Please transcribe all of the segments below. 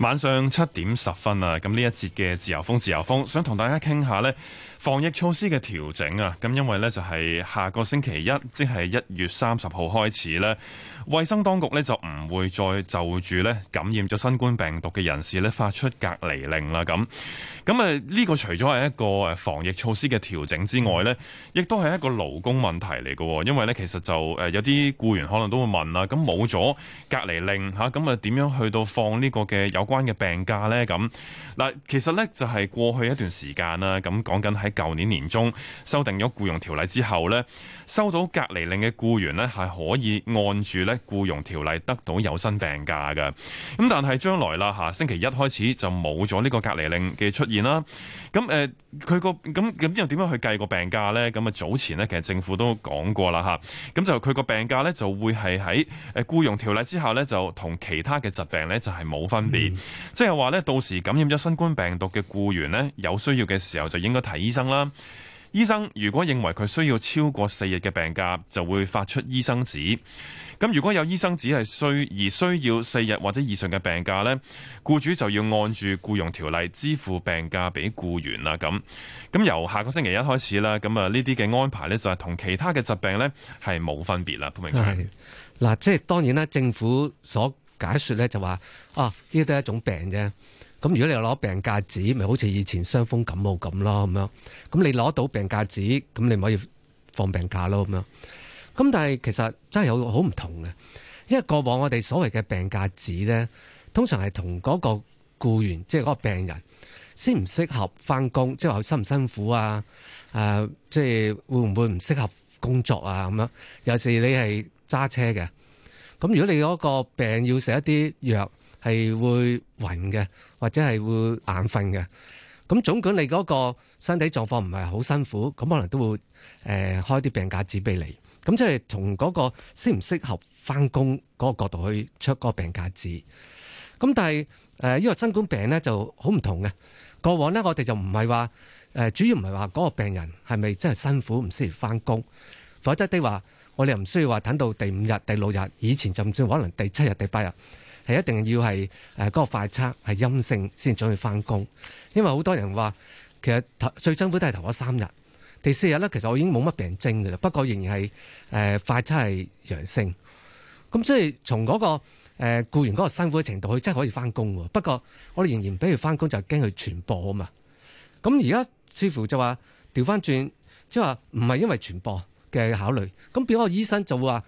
晚上七點十分啊，咁呢一節嘅自由風自由風，想同大家傾下呢防疫措施嘅調整啊，咁因為呢，就係下個星期一，即係一月三十號開始呢，衞生當局呢就唔會再就住呢感染咗新冠病毒嘅人士呢發出隔離令啦，咁咁啊呢個除咗係一個誒防疫措施嘅調整之外呢，亦都係一個勞工問題嚟嘅，因為呢，其實就誒有啲僱員可能都會問啦，咁冇咗隔離令嚇，咁啊點樣去到放呢個嘅有關嘅病假呢，咁嗱，其實呢，就係過去一段時間啦，咁講緊喺舊年年中修訂咗僱傭條例之後呢，收到隔離令嘅僱員呢，係可以按住呢僱傭條例得到有薪病假嘅。咁但係將來啦吓，星期一開始就冇咗呢個隔離令嘅出現啦。咁誒，佢個咁咁又點樣去計個病假呢？咁啊早前呢，其實政府都講過啦吓，咁就佢個病假呢，就會係喺誒僱傭條例之下呢，就同其他嘅疾病呢，就係冇分別。即係話咧，到時感染咗新冠病毒嘅僱員咧，有需要嘅時候就應該睇醫生啦。醫生如果認為佢需要超過四日嘅病假，就會發出醫生紙。咁如果有醫生紙係需而需要四日或者以上嘅病假呢，僱主就要按住僱傭條例支付病假俾僱員啦。咁咁由下個星期一開始啦，咁，啊呢啲嘅安排呢，就係同其他嘅疾病呢係冇分別啦。明嗱，即係當然啦，政府所。解説咧就話啊，呢都係一種病啫。咁如果你攞病假紙，咪好似以前傷風感冒咁咯咁樣。咁你攞到病假紙，咁你咪可以放病假咯咁樣。咁但係其實真係有好唔同嘅，因為過往我哋所謂嘅病假紙咧，通常係同嗰個僱員，即係嗰個病人，適唔適合翻工，即係話佢辛唔辛苦啊？啊即係會唔會唔適合工作啊？咁樣尤其你係揸車嘅。咁如果你嗰個病要食一啲藥，係會暈嘅，或者係會眼瞓嘅。咁總管你嗰個身體狀況唔係好辛苦，咁可能都會誒、呃、開啲病假紙俾你。咁即係從嗰個適唔適合翻工嗰個角度去出個病假紙。咁但係誒，因、呃、為、呢個、新冠病咧就好唔同嘅。過往咧，我哋就唔係話誒，主要唔係話嗰個病人係咪真係辛苦唔適宜翻工，否則的話。我哋唔需要話等到第五日、第六日，以前就唔算，可能第七日、第八日，係一定要係誒嗰個快測係陰性先准去翻工。因為好多人話，其實最辛苦都係頭嗰三日，第四日咧，其實我已經冇乜病徵噶啦。不過仍然係誒快測係陽性。咁所以從嗰個誒僱員嗰個辛苦嘅程度，佢真係可以翻工。不過我哋仍然唔俾佢翻工，就驚佢傳播啊嘛。咁而家似乎就話調翻轉，即係話唔係因為傳播。嘅考慮，咁變咗個醫生就會話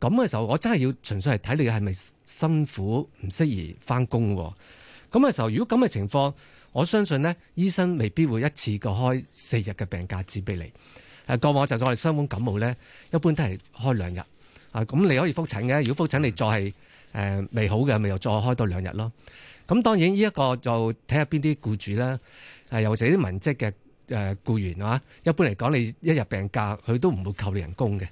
咁嘅時候，我真係要純粹係睇你係咪辛苦唔適宜翻工喎。咁嘅時候，如果咁嘅情況，我相信呢醫生未必會一次過開四日嘅病假紙俾你。誒、啊，過往就係我哋傷風感冒咧，一般都係開兩日啊。咁你可以復診嘅，如果復診你再係誒、呃、未好嘅，咪又再開多兩日咯。咁、啊、當然呢一個就睇下邊啲僱主啦，誒、啊，尤其啲文職嘅。誒、呃、僱員啊，一般嚟講，你一日病假佢都唔會扣你人工嘅。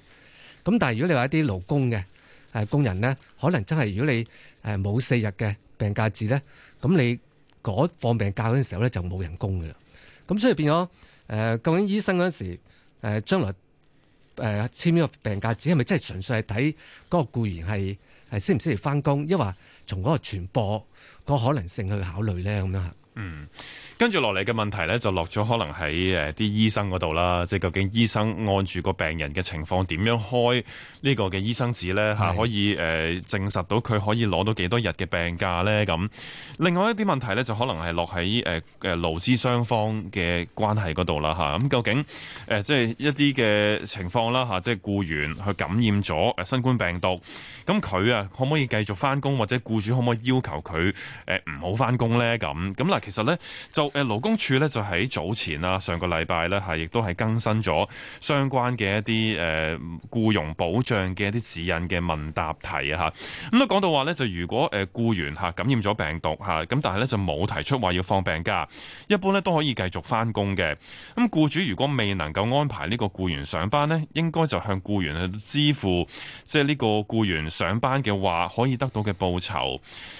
咁但係如果你話一啲勞工嘅誒、呃、工人咧，可能真係如果你誒冇、呃、四日嘅病假紙咧，咁你嗰放病假嗰陣時候咧就冇人工嘅啦。咁所以變咗誒、呃，究竟醫生嗰陣時誒、呃、將來誒、呃、簽呢個病假紙係咪真係純粹係睇嗰個僱員係係適唔適宜翻工，抑或從嗰個傳播個可能性去考慮咧咁樣？嗯，跟住落嚟嘅問題咧，就落咗可能喺啲醫生嗰度啦，即係究竟醫生按住個病人嘅情況點樣開呢個嘅醫生紙咧吓，可以、呃、證實到佢可以攞到幾多日嘅病假咧咁。另外一啲問題咧，就可能、呃、係落喺誒勞資雙方嘅關係嗰度啦，吓咁究竟、呃、即係一啲嘅情況啦吓，即係僱員去感染咗新冠病毒，咁佢啊可唔可以繼續翻工，或者僱主可唔可以要求佢唔好翻工咧咁？咁、咁、嗱。其實咧就誒勞工處咧就喺早前啦，上個禮拜咧係亦都係更新咗相關嘅一啲誒僱傭保障嘅一啲指引嘅問答題啊吓，咁都講到話咧就如果誒僱員吓感染咗病毒吓，咁但係咧就冇提出話要放病假，一般咧都可以繼續返工嘅。咁僱主如果未能夠安排呢個僱員上班呢，應該就向僱員去支付即係呢個僱員上班嘅話可以得到嘅報酬。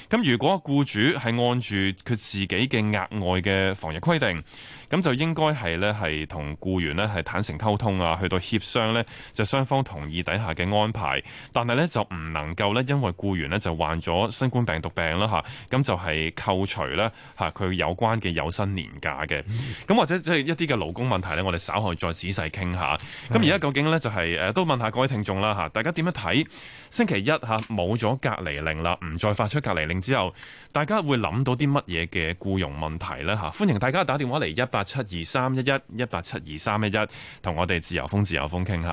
咁如果僱主係按住佢自己嘅嘅額外嘅防疫規定。咁就應該係咧，係同僱員呢係坦誠溝通啊，去到協商呢，就雙方同意底下嘅安排。但係呢，就唔能夠呢因為僱員呢就患咗新冠病毒病啦吓，咁就係扣除呢，佢有關嘅有薪年假嘅。咁、嗯、或者即係一啲嘅勞工問題呢，我哋稍後再仔細傾下。咁而家究竟呢、就係，就係都問下各位聽眾啦，大家點樣睇星期一冇咗隔離令啦，唔再發出隔離令之後，大家會諗到啲乜嘢嘅僱傭問題呢？嚇？歡迎大家打電話嚟一八七二三一一一八七二三一一，同我哋自由風自由風傾下。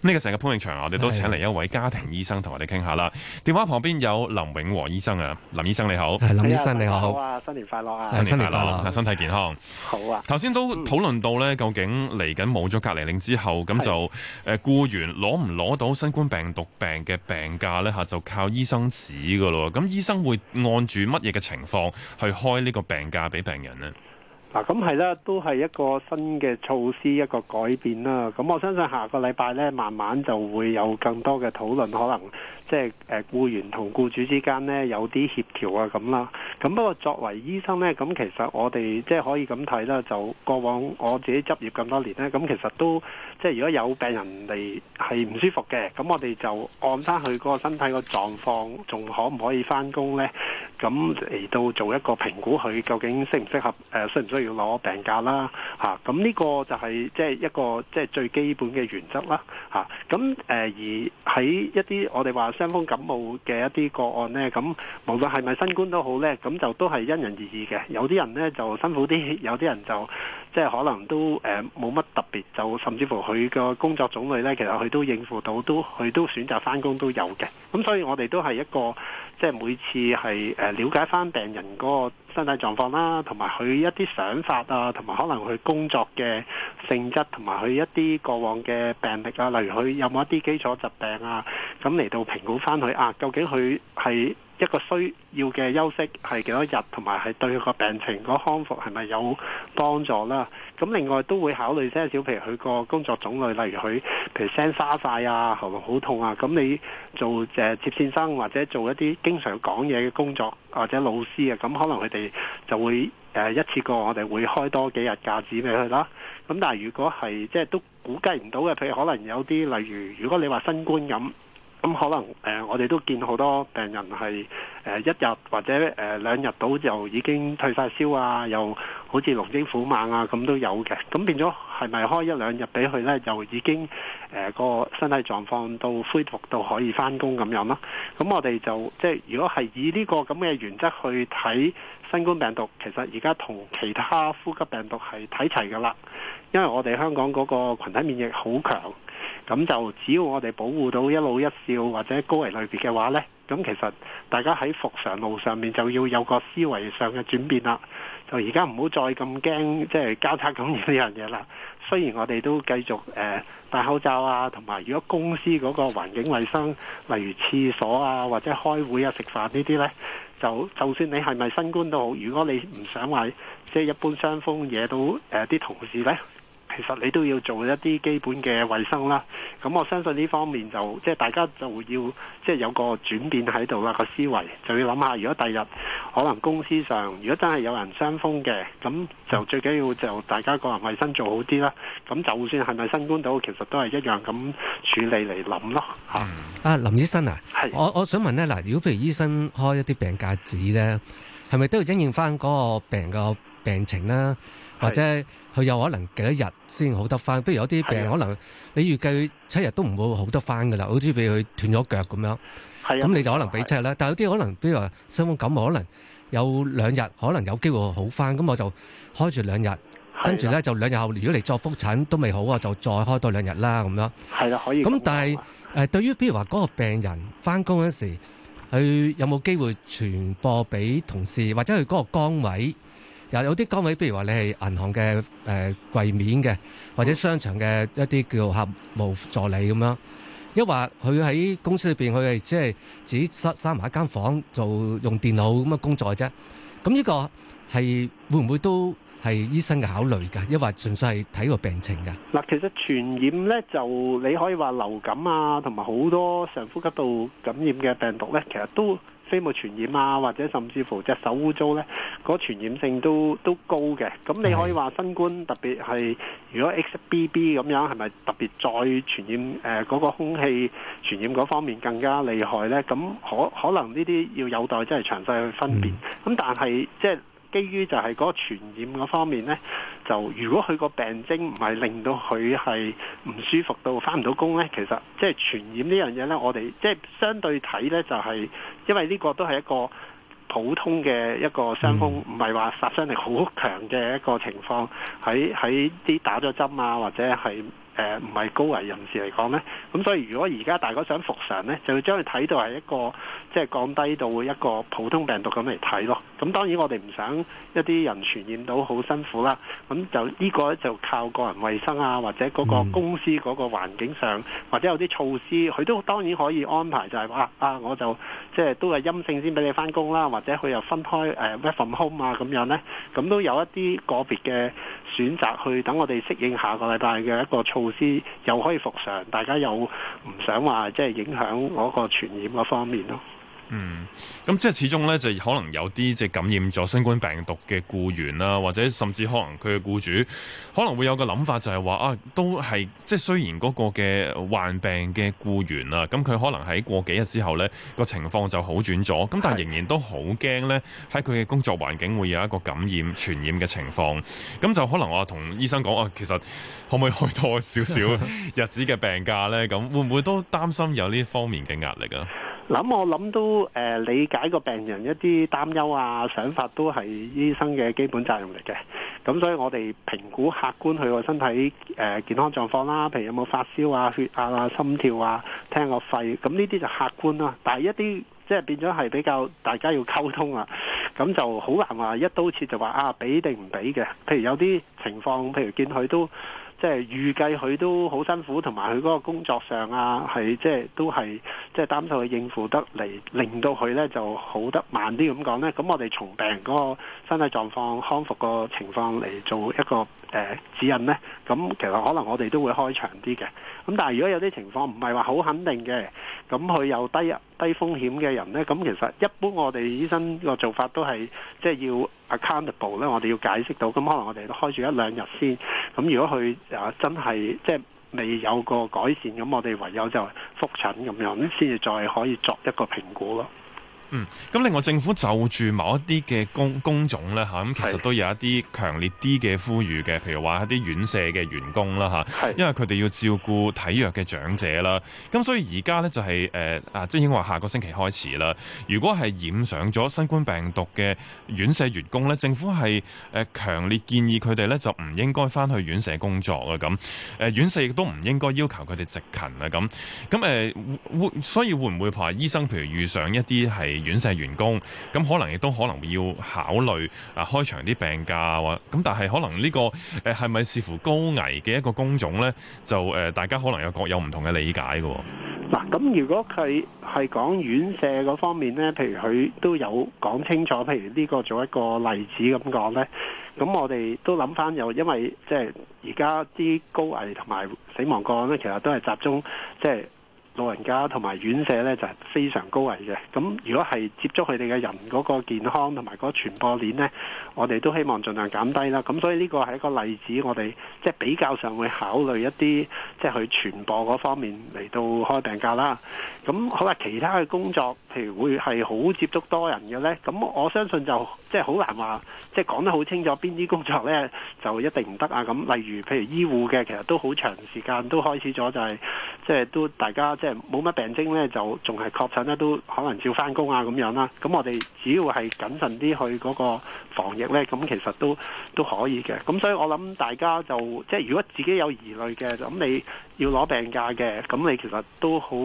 呢個成個潘永祥，我哋都請嚟一位家庭醫生同我哋傾下啦。電話旁邊有林永和醫生啊，林醫生你好，係林醫生你好，好啊，新年快樂啊，新年快樂身體健康，好啊。頭先都討論到呢，究竟嚟緊冇咗隔離令之後，咁、嗯、就誒僱員攞唔攞到新冠病毒病嘅病假呢？吓，就靠醫生指噶咯。咁醫生會按住乜嘢嘅情況去開呢個病假俾病人呢？嗱、啊，咁係啦，都係一個新嘅措施，一個改變啦。咁我相信下個禮拜咧，慢慢就會有更多嘅討論，可能即係誒僱員同僱主之間咧有啲協調啊咁啦。咁不過作為醫生咧，咁其實我哋即係可以咁睇啦，就過往我自己執業咁多年咧，咁其實都。即係如果有病人嚟係唔舒服嘅，咁我哋就按翻佢嗰個身體個狀況，仲可唔可以返工呢？咁嚟到做一個評估，佢究竟適唔適合？誒、呃，需唔需要攞病假啦？吓、啊，咁呢個就係、是、即係一個即係最基本嘅原則啦。吓、啊，咁誒、呃、而喺一啲我哋話傷風感冒嘅一啲個案呢，咁無論係咪新冠都好呢，咁就都係因人而異嘅。有啲人呢就辛苦啲，有啲人就。即係可能都誒冇乜特別就甚至乎佢個工作種類呢，其實佢都應付到，都佢都選擇翻工都有嘅。咁所以我哋都係一個即係每次係誒了解翻病人個身體狀況啦，同埋佢一啲想法啊，同埋可能佢工作嘅性質，同埋佢一啲過往嘅病歷啊，例如佢有冇一啲基礎疾病啊，咁嚟到評估翻佢啊，究竟佢係。一個需要嘅休息係幾多日，同埋係對個病情個康復係咪有幫助啦？咁另外都會考慮些少，譬如佢個工作種類，例如佢譬如聲沙晒啊，喉嚨好痛啊，咁你做誒、呃、接線生或者做一啲經常講嘢嘅工作或者老師啊，咁可能佢哋就會誒、呃、一次過我哋會開多幾日假紙俾佢啦。咁但係如果係即係都估計唔到嘅，譬如可能有啲，例如如果你話新冠咁。咁、嗯、可能誒、呃，我哋都見好多病人係、呃、一日或者、呃、兩日到就已經退晒燒啊，又好似龍精虎猛啊，咁都有嘅。咁變咗係咪開一兩日俾佢咧，就已經誒、呃、個身體狀況到恢復到可以返工咁樣咯？咁我哋就即係如果係以呢個咁嘅原則去睇新冠病毒，其實而家同其他呼吸病毒係睇齊㗎啦，因為我哋香港嗰個群體免疫好強。咁就只要我哋保護到一老一少或者高危類別嘅話呢，咁其實大家喺復常路上面就要有個思維上嘅轉變啦。就而家唔好再咁驚，即係交叉感染呢樣嘢啦。雖然我哋都繼續誒、呃、戴口罩啊，同埋如果公司嗰個環境衛生，例如廁所啊，或者開會啊、食飯呢啲呢，就就算你係咪新冠都好，如果你唔想話即係一般傷風惹到啲、呃、同事呢。其實你都要做一啲基本嘅衛生啦，咁我相信呢方面就即係大家就要即係有個轉變喺度啦，個思維就要諗下，如果第日可能公司上，如果真係有人傷風嘅，咁就最緊要就大家個人衛生做好啲啦。咁就算係咪新冠到，其實都係一樣咁處理嚟諗咯。吓、啊，阿林醫生啊，我我想問咧，嗱，如果譬如醫生開一啲病假紙咧，係咪都要因應驗翻嗰個病、個病情啦？或者佢有可能幾多日先好得翻？不如有啲病人可能你預計七日都唔會好得翻嘅啦，好似俾佢斷咗腳咁樣。係啊，咁你就可能俾七日啦。但有啲可能，比如話傷風感冒，可能有兩日可能有機會好翻。咁我就開住兩日，跟住咧就兩日後，如果你做覆診都未好啊，我就再開多兩日啦咁樣。係啦，可以。咁但係誒，對於比如話嗰個病人翻工嗰時，佢有冇機會傳播俾同事，或者佢嗰個崗位？又有啲崗位，比如話你係銀行嘅誒櫃面嘅，或者商場嘅一啲叫客務助理咁樣，抑或佢喺公司裏邊，佢係即係自己閂閂埋一間房做用電腦咁嘅工作啫。咁呢個係會唔會都係醫生嘅考慮㗎？抑或純粹係睇個病情㗎？嗱，其實傳染咧，就你可以話流感啊，同埋好多上呼吸道感染嘅病毒咧，其實都。飛沫傳染啊，或者甚至乎隻手污糟呢，嗰傳染性都都高嘅。咁你可以話新冠特別係如果 XBB 咁樣，係咪特別再傳染？誒、呃、嗰、嗰個空氣傳染嗰方面更加厲害呢？咁可可能呢啲要有待即係詳細去分辨。咁、嗯、但係即係。基於就係嗰個傳染嗰方面呢，就如果佢個病徵唔係令到佢係唔舒服到返唔到工呢，其實即係傳染呢樣嘢呢，我哋即係相對睇呢、就係，就係因為呢個都係一個普通嘅一個傷風，唔係話殺傷力好強嘅一個情況，喺喺啲打咗針啊或者係。誒唔係高危人士嚟講呢，咁所以如果而家大家想復常呢，就會將佢睇到係一個即係降低到一個普通病毒咁嚟睇咯。咁當然我哋唔想一啲人傳染到好辛苦啦。咁就呢個就靠個人衛生啊，或者嗰個公司嗰個環境上，或者有啲措施，佢都當然可以安排就係話啊啊，我就即係都係陰性先俾你返工啦，或者佢又分開誒 work from home 啊咁樣呢，咁都有一啲個別嘅選擇去等我哋適應下個禮拜嘅一個措。護師又可以復常，大家又唔想話即係影響嗰個傳染嗰方面咯。嗯，咁即係始終咧，就可能有啲即係感染咗新冠病毒嘅僱員啦，或者甚至可能佢嘅雇主可能會有個諗法就是說，就係話啊，都係即係雖然嗰個嘅患病嘅僱員啦，咁佢可能喺過幾日之後呢個情況就好轉咗，咁但係仍然都好驚呢喺佢嘅工作環境會有一個感染傳染嘅情況，咁就可能我同醫生講啊，其實可唔可以開多，多少少日子嘅病假呢？咁會唔會都擔心有呢方面嘅壓力啊？諗我諗都誒、呃、理解個病人一啲擔憂啊、想法都係醫生嘅基本責任嚟嘅。咁所以我哋評估客觀佢個身體、呃、健康狀況啦，譬如有冇發燒啊、血壓啊、心跳啊、聽個肺，咁呢啲就客觀啦。但係一啲即係變咗係比較大家要溝通啊，咁就好難話一刀切就話啊俾定唔俾嘅。譬如有啲情況，譬如見佢都。即係預計佢都好辛苦，同埋佢嗰個工作上啊，係即係都係即係擔心佢應付得嚟，令到佢咧就好得慢啲咁講咧。咁我哋從病人嗰個身體狀況康復個情況嚟做一個誒、呃、指引咧，咁其實可能我哋都會開長啲嘅。咁但係如果有啲情況唔係話好肯定嘅，咁佢又低入。低風險嘅人呢，咁其實一般我哋醫生個做法都係，即係要 accountable 咧，我哋要解釋到，咁可能我哋都開住一兩日先，咁如果佢啊真係即係未有個改善，咁我哋唯有就覆診咁樣先至再可以再作一個評估咯。咁另外政府就住某一啲嘅工工種咧，咁其實都有一啲強烈啲嘅呼籲嘅，譬如話一啲院舍嘅員工啦，因為佢哋要照顧體弱嘅長者啦，咁所以而家咧就係、是呃、即應該話下個星期開始啦，如果係染上咗新冠病毒嘅院舍員工咧，政府係誒強烈建議佢哋咧就唔應該翻去院舍工作啊咁、呃，院舍亦都唔應該要求佢哋直勤啊咁，咁、呃、所以會唔會怕醫生譬如遇上一啲係？院舍員工咁可能亦都可能要考慮啊開長啲病假啊，咁但係可能呢個誒係咪視乎高危嘅一個工種呢？就誒大家可能有各有唔同嘅理解嘅。嗱，咁如果佢係講院舍嗰方面呢，譬如佢都有講清楚，譬如呢個做一個例子咁講呢。咁我哋都諗返又因為即係而家啲高危同埋死亡個案呢，其實都係集中即係。就是老人家同埋院舍咧就係非常高危嘅。咁如果係接觸佢哋嘅人嗰個健康同埋個傳播鏈呢，我哋都希望盡量減低啦。咁所以呢個係一個例子，我哋即係比較上會考慮一啲即係去傳播嗰方面嚟到開病假啦。咁好啦，其他嘅工作譬如會係好接觸多人嘅咧，咁我相信就即係好難話，即係講得好清楚邊啲工作咧就一定唔得啊。咁例如譬如醫護嘅，其實都好長時間都開始咗、就是，就係即係都大家。即係冇乜病徵咧，就仲係確診咧，都可能照返工啊咁樣啦。咁我哋只要係謹慎啲去嗰個防疫咧，咁其實都都可以嘅。咁所以我諗大家就即係如果自己有疑慮嘅，咁你要攞病假嘅，咁你其實都好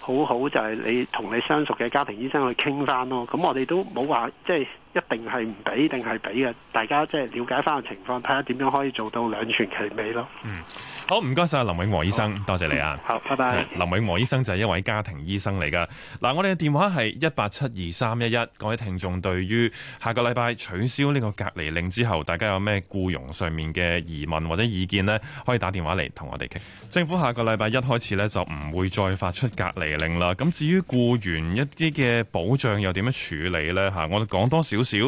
好好就係你同你相熟嘅家庭醫生去傾返咯。咁我哋都冇話即係。一定係唔俾定係俾嘅，大家即係了解翻個情況，睇下點樣可以做到兩全其美咯。嗯，好，唔該晒林永和醫生，多謝你啊。好，拜拜。林永和醫生就係一位家庭醫生嚟㗎。嗱，我哋嘅電話係一八七二三一一。各位聽眾對於下個禮拜取消呢個隔離令之後，大家有咩僱傭上面嘅疑問或者意見呢？可以打電話嚟同我哋傾。政府下個禮拜一開始呢，就唔會再發出隔離令啦。咁至於僱員一啲嘅保障又點樣處理呢？嚇，我哋講多少？少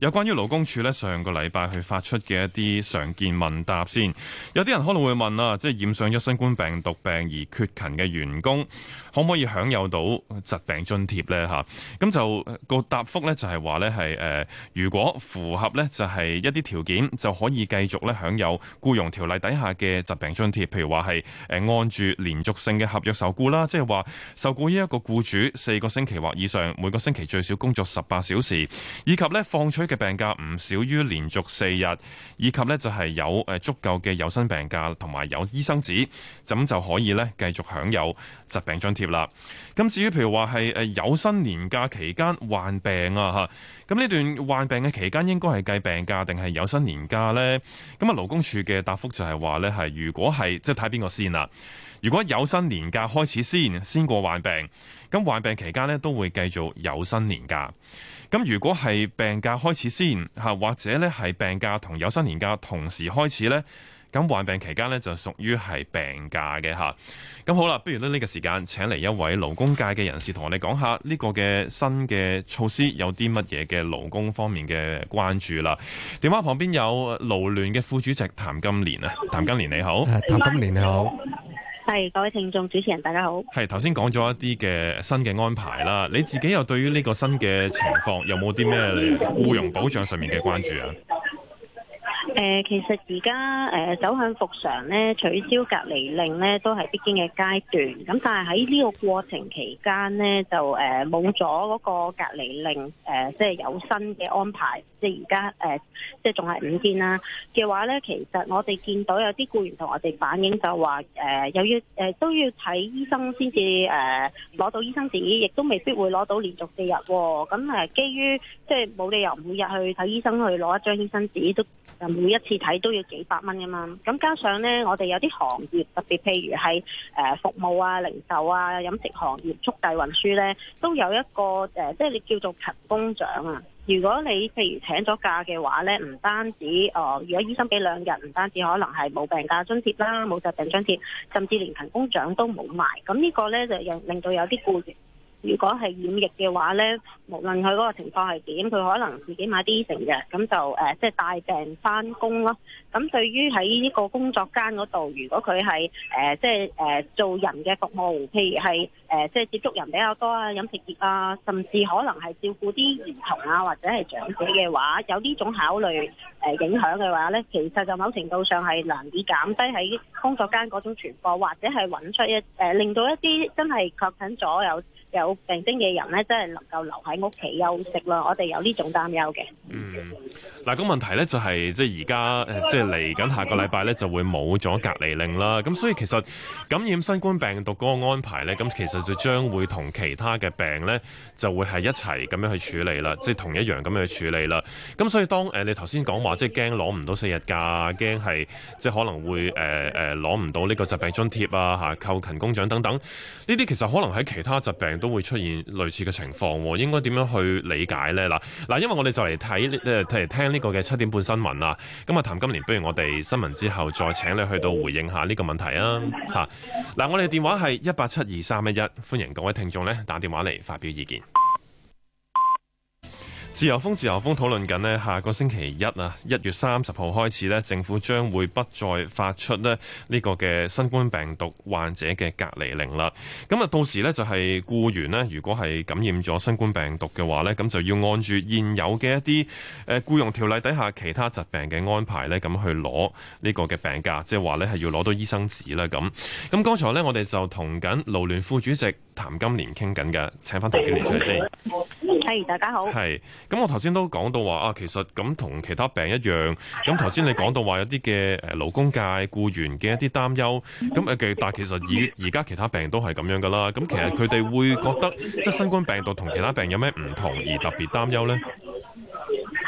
有關於勞工處呢，上個禮拜去發出嘅一啲常見問答先。有啲人可能會問啊，即係染上咗新冠病毒病而缺勤嘅員工，可唔可以享有到疾病津貼咧？吓，咁、那、就個答覆呢，就係話呢，係、呃、誒如果符合呢，就係一啲條件就可以繼續咧享有僱傭條例底下嘅疾病津貼，譬如話，係誒按住連續性嘅合約受僱啦，即係話受僱於一個僱主四個星期或以上，每個星期最少工作十八小時。以及咧放取嘅病假唔少於連續四日，以及咧就係有誒足夠嘅有薪病假同埋有醫生紙，咁就可以咧繼續享有疾病津貼啦。咁至於譬如話係誒有薪年假期間患病啊吓，咁呢段患病嘅期間應該係計病假定係有薪年假呢？咁啊勞工處嘅答覆就係話咧係如果係即係睇邊個先啦，如果有薪年假開始先，先過患病，咁患病期間咧都會繼續有薪年假。咁如果係病假開始先，吓或者呢係病假同有薪年假同時開始呢，咁患病期間呢，就屬於係病假嘅吓。咁好啦，不如呢個時間請嚟一位勞工界嘅人士同我哋講下呢個嘅新嘅措施有啲乜嘢嘅勞工方面嘅關注啦。電話旁邊有勞聯嘅副主席譚金蓮啊，譚金蓮你好，譚金蓮你好。係各位聽眾、主持人大家好。係頭先講咗一啲嘅新嘅安排啦，你自己又對於呢個新嘅情況，有冇啲咩嚟？僱傭保障上面嘅關注啊？誒、呃，其實而家誒走向復常咧，取消隔離令咧，都係必經嘅階段。咁但係喺呢個過程期間咧，就誒冇咗嗰個隔離令，誒、呃、即係有新嘅安排。即係而家誒，即係仲係五天啦嘅話咧，其實我哋見到有啲僱員同我哋反映就話誒、呃，又要誒、呃、都要睇醫生先至誒攞到醫生紙，亦都未必會攞到連續四日啊。咁誒、呃，基於即係冇理由每日去睇醫生去攞一張醫生紙都。每一次睇都要幾百蚊噶嘛，咁加上呢，我哋有啲行業特別，譬如係服務啊、零售啊、飲食行業、速遞運輸呢，都有一個，即係你叫做勤工獎啊。如果你譬如請咗假嘅話呢，唔單止、呃、如果醫生畀兩日，唔單止可能係冇病假津貼啦，冇疾病津貼，甚至連勤工獎都冇埋。咁呢個呢，就令到有啲顧。如果係染疫嘅話咧，無論佢嗰個情況係點，佢可能自己買啲成藥，咁就誒即係帶病翻工咯。咁對於喺呢個工作間嗰度，如果佢係誒即係誒做人嘅服務，譬如係誒即係接觸人比較多啊、飲食業啊，甚至可能係照顧啲兒童啊或者係長者嘅話，有呢種考慮誒、呃、影響嘅話咧，其實就某程度上係難以減低喺工作間嗰種傳播，或者係揾出一誒、呃、令到一啲真係確診咗有。有病徵嘅人咧，真係能夠留喺屋企休息啦。我哋有呢種擔憂嘅。嗯，嗱，個問題咧就係，即係而家誒，即係嚟緊下個禮拜咧就會冇咗隔離令啦。咁所以其實感染新冠病毒嗰個安排咧，咁其實就將會同其他嘅病咧，就會係一齊咁樣去處理啦，即係同一樣咁樣去處理啦。咁所以當誒你頭先講話，即係驚攞唔到四日假，驚係即係可能會誒誒攞唔到呢個疾病津貼啊，嚇扣勤工獎等等，呢啲其實可能喺其他疾病。都會出現類似嘅情況，應該點樣去理解呢？嗱嗱，因為我哋就嚟睇誒，嚟聽呢個嘅七點半新聞啦。咁啊，譚金蓮，不如我哋新聞之後再請你去到回應下呢個問題啊。嚇！嗱，我哋電話係一八七二三一一，歡迎各位聽眾咧打電話嚟發表意見。自由風，自由風討論緊呢。下個星期一啊，一月三十號開始呢，政府將會不再發出呢呢個嘅新冠病毒患者嘅隔離令啦。咁啊，到時呢，就係僱員呢。如果係感染咗新冠病毒嘅話呢，咁就要按住現有嘅一啲誒僱傭條例底下其他疾病嘅安排呢。咁去攞呢個嘅病假，即係話呢係要攞到醫生紙啦。咁咁，剛才呢，我哋就同緊勞聯副主席譚金蓮傾緊嘅，請翻譚金蓮上先。係大家好。咁我頭先都講到話啊，其實咁同其他病一樣。咁頭先你講到話有啲嘅誒勞工界、僱員嘅一啲擔憂，咁誒其但其實而而家其他病都係咁樣噶啦。咁其實佢哋會覺得即係新冠病毒同其他病有咩唔同而特別擔憂呢？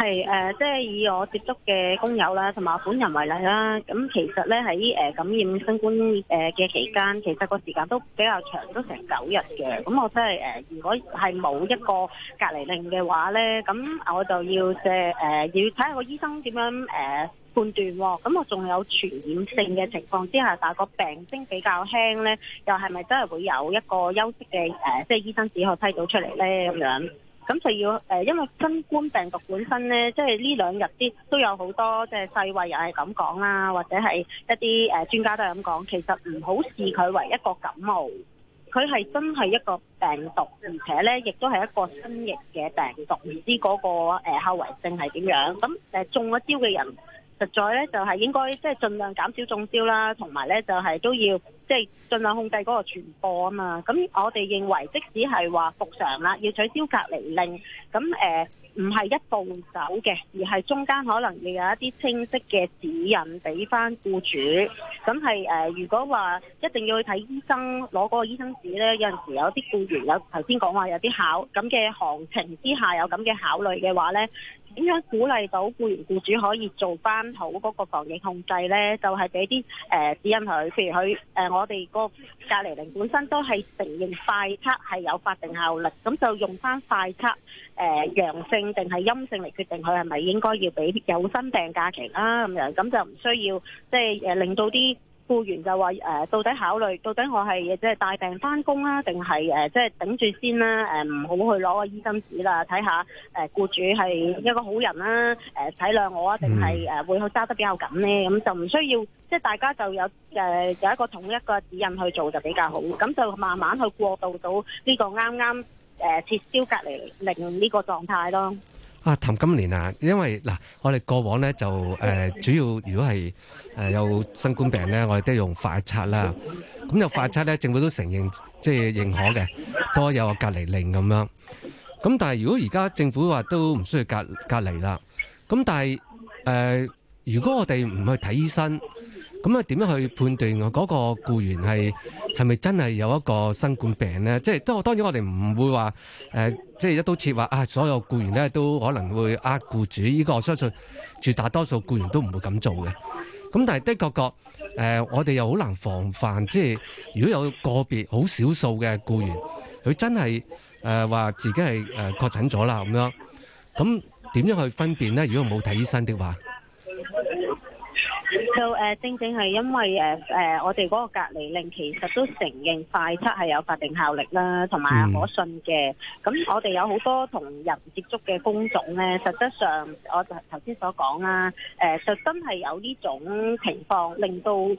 係誒、呃，即係以我接觸嘅工友啦，同埋本人為例啦。咁其實咧喺誒感染新冠誒嘅期間，其實個時間都比較長，都成九日嘅。咁我真係誒，如果係冇一個隔離令嘅話咧，咁我就要即係、呃、要睇下個醫生點樣誒、呃、判斷。咁、哦、我仲有傳染性嘅情況之下，但係個病徵比較輕咧，又係咪真係會有一個休息嘅誒、呃，即係醫生紙可批到出嚟咧咁樣？咁就要誒，因為新冠病毒本身咧，即係呢兩日啲都有好多即係、就是、世衞又係咁講啦，或者係一啲誒專家都係咁講，其實唔好視佢為一個感冒，佢係真係一個病毒，而且咧亦都係一個新型嘅病毒，唔知嗰個誒後遺症係點樣。咁誒中咗招嘅人。實在咧，就係應該即係盡量減少中招啦，同埋咧就係都要即係盡量控制嗰個傳播啊嘛。咁我哋認為，即使係話復常啦，要取消隔離令，咁誒唔係一步走嘅，而係中間可能要有一啲清晰嘅指引俾翻僱主。咁係誒，如果話一定要去睇醫生攞嗰個醫生紙咧，有陣時有啲僱員有頭先講話有啲考咁嘅行程之下有咁嘅考慮嘅話咧。點樣鼓勵到雇員僱主可以做翻好嗰個防疫控制呢？就係俾啲誒指引佢，譬如佢、呃、我哋個隔離令本身都係承認快測係有法定效力，咁就用翻快測誒、呃、陽性定係陰性嚟決定佢係咪應該要俾有薪病假期啦咁、啊、樣，咁就唔需要即係、就是呃、令到啲。雇員就話誒，到底考慮，到底我係誒即係帶病翻工啦，定係誒即係頂住先啦？誒，唔好去攞個醫生紙啦，睇下誒雇主係一個好人啦，誒體諒我啊，定係誒會去揸得比較緊呢？咁就唔需要即係大家就有誒有一個統一一個指引去做就比較好，咁就慢慢去過渡到呢個啱啱誒撤銷隔離令呢個狀態咯。啊，譚金蓮啊，因為嗱、啊，我哋過往咧就誒、呃、主要如果係誒、呃、有新冠病毒咧，我哋都用快測啦。咁有快測咧，政府都承認即係認可嘅，都有個隔離令咁樣。咁但係如果而家政府話都唔需要隔隔離啦，咁但係誒、呃、如果我哋唔去睇醫生。咁啊，點樣去判斷嗰個僱員係係咪真係有一個新冠病毒咧？即係當當然我哋唔會話誒、呃，即係一刀切話啊，所有僱員咧都可能會呃僱主。呢、呢個我相信絕大多數僱員都唔會咁做嘅。咁但係的確確誒、呃，我哋又好難防範。即係如果有個別好少數嘅僱員，佢真係誒話自己係誒確診咗啦咁樣，咁點樣去分辨咧？如果冇睇醫生的話？就誒，正正係因為誒誒，我哋嗰個隔離令其實都承認快測係有法定效力啦，同埋可信嘅。咁我哋有好多同人接觸嘅工種咧，實質上我頭頭先所講啦，誒實真係有呢種情況，令到誒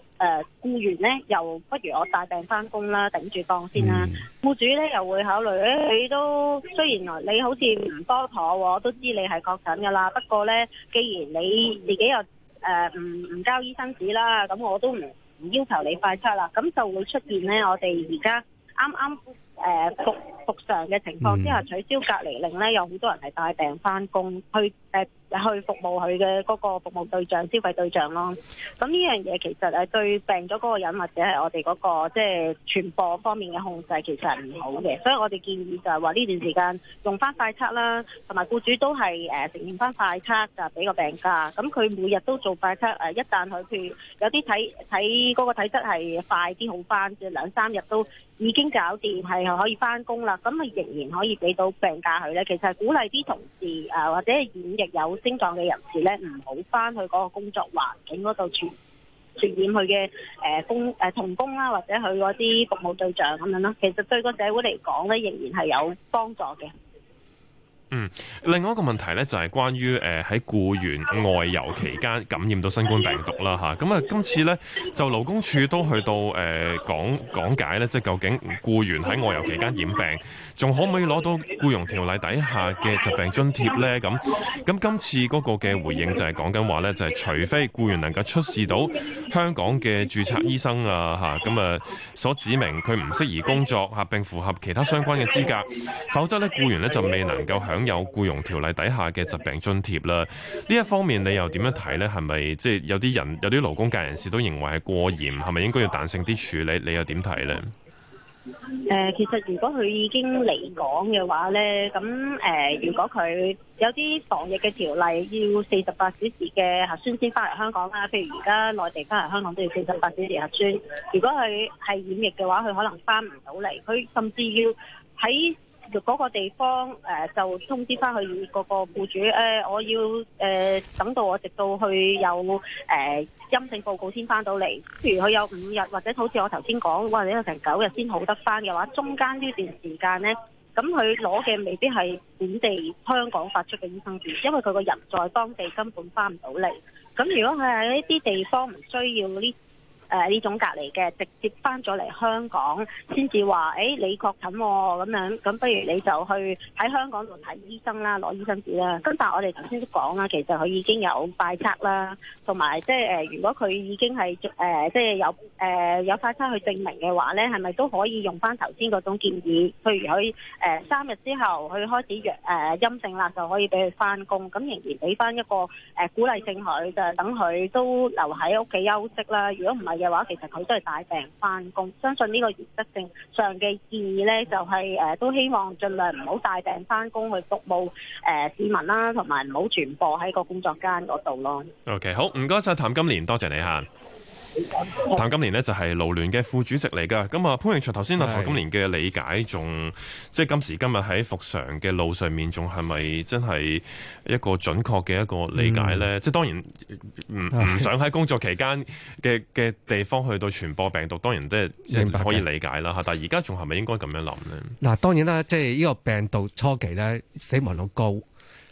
僱員咧又不如我帶病翻工啦，頂住當先啦。僱主咧又會考慮咧，你都雖然啊，你好似唔多妥喎，我都知你係確診㗎啦。不過咧，既然你自己又誒唔唔交醫生紙啦，咁我都唔唔要求你快測啦，咁就會出現呢，我哋而家啱啱誒復常嘅情況之下，取消隔離令呢，有好多人係帶病翻工去誒。呃去服務佢嘅嗰個服務對象、消費對象咯。咁呢樣嘢其實誒對病咗嗰個人或者係我哋嗰個即係傳播方面嘅控制其實唔好嘅。所以我哋建議就係話呢段時間用翻快測啦，同埋僱主都係誒承認翻快測就俾個病假。咁、嗯、佢每日都做快測誒、呃，一旦佢譬如有啲體體嗰個體質係快啲好翻，即兩三日都。已經搞掂，係可以翻工啦。咁咪仍然可以俾到病假佢咧。其實是鼓勵啲同事誒、啊，或者染疫有症狀嘅人士咧，唔好翻去嗰個工作環境嗰度傳傳染佢嘅誒工誒同工啦，或者佢嗰啲服務對象咁樣咯。其實對個社會嚟講咧，仍然係有幫助嘅。嗯，另外一個問題呢，就係關於誒喺雇員外遊期間感染到新冠病毒啦吓咁啊今次呢就勞工處都去到誒講講解呢，即係究竟雇員喺外遊期間染病。仲可唔可以攞到僱傭條例底下嘅疾病津貼咧？咁咁今次嗰個嘅回應就係講緊話咧，就係、是、除非僱員能夠出示到香港嘅註冊醫生啊吓，咁啊，啊所指明佢唔適宜工作嚇、啊，並符合其他相關嘅資格，否則咧僱員咧就未能夠享有僱傭條例底下嘅疾病津貼啦。呢一方面你又點樣睇咧？係咪即係有啲人有啲勞工界人士都認為係過嚴，係咪應該要彈性啲處理？你又點睇咧？誒、呃，其實如果佢已經離港嘅話呢，咁誒、呃，如果佢有啲防疫嘅條例要四十八小時嘅核酸先返嚟香港啦，譬如而家內地返嚟香港都要四十八小時核酸。如果佢係染疫嘅話，佢可能返唔到嚟，佢甚至要喺嗰個地方誒、呃、就通知翻去那個個僱主誒，我要誒、呃、等到我直到去有誒、呃、陰性報告先翻到嚟。譬如佢有五日，或者好似我頭先講，或者有成九日先好得翻嘅話，中間呢段時間呢，咁佢攞嘅未必係本地香港發出嘅醫生紙，因為佢個人在當地根本翻唔到嚟。咁如果佢喺呢啲地方唔需要呢？誒呢種隔離嘅，直接翻咗嚟香港先至話，誒、欸、你確診咁、喔、樣，咁不如你就去喺香港度睇醫生啦，攞醫生紙啦。咁但係我哋頭先都講啦，其實佢已經有快測啦，同埋即係誒，如果佢已經係誒即係有誒、呃、有快測去證明嘅話咧，係咪都可以用翻頭先嗰種建議？譬如佢誒三日之後佢開始陽誒、呃、陰性啦，就可以俾佢翻工，咁仍然俾翻一個誒、呃、鼓勵性佢就等佢都留喺屋企休息啦。如果唔係，嘅話，其實佢都係帶病翻工。相信呢個原則性上嘅意義咧，就係誒都希望盡量唔好帶病翻工去服務誒市民啦，同埋唔好傳播喺個工作間嗰度咯。OK，好，唔該晒譚金蓮，多謝你嚇。譚金蓮呢，就係勞聯嘅副主席嚟噶。咁啊林永和，頭先啊譚金蓮嘅理解，仲即係今時今日喺復常嘅路上面，仲係咪真係一個準確嘅一個理解咧，嗯？即係當然唔唔想喺工作期間嘅嘅地方去到傳播病毒，當然即係可以理解啦吓。但係而家仲係咪應該咁樣諗呢？嗱，當然啦，即係呢個病毒初期咧死亡率高，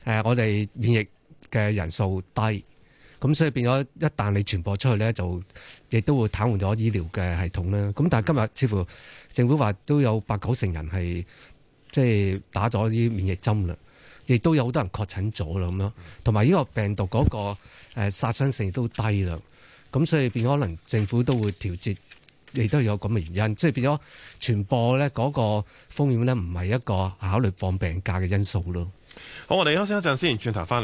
誒，我哋免疫嘅人數低。咁所以變咗，一旦你傳播出去咧，就亦都會癱瘓咗醫療嘅系統啦，咁但係今日似乎政府話都有八九成人係即係打咗啲免疫針啦，亦都有好多人確診咗啦，咁樣同埋呢個病毒個誒殺傷性亦都低啦。咁所以變可能政府都會調節亦都有咁嘅原因。即係變咗傳播咧個風險咧，唔係一個考慮放病假嘅因素咯。好，我哋休息一陣先，轉頭翻嚟。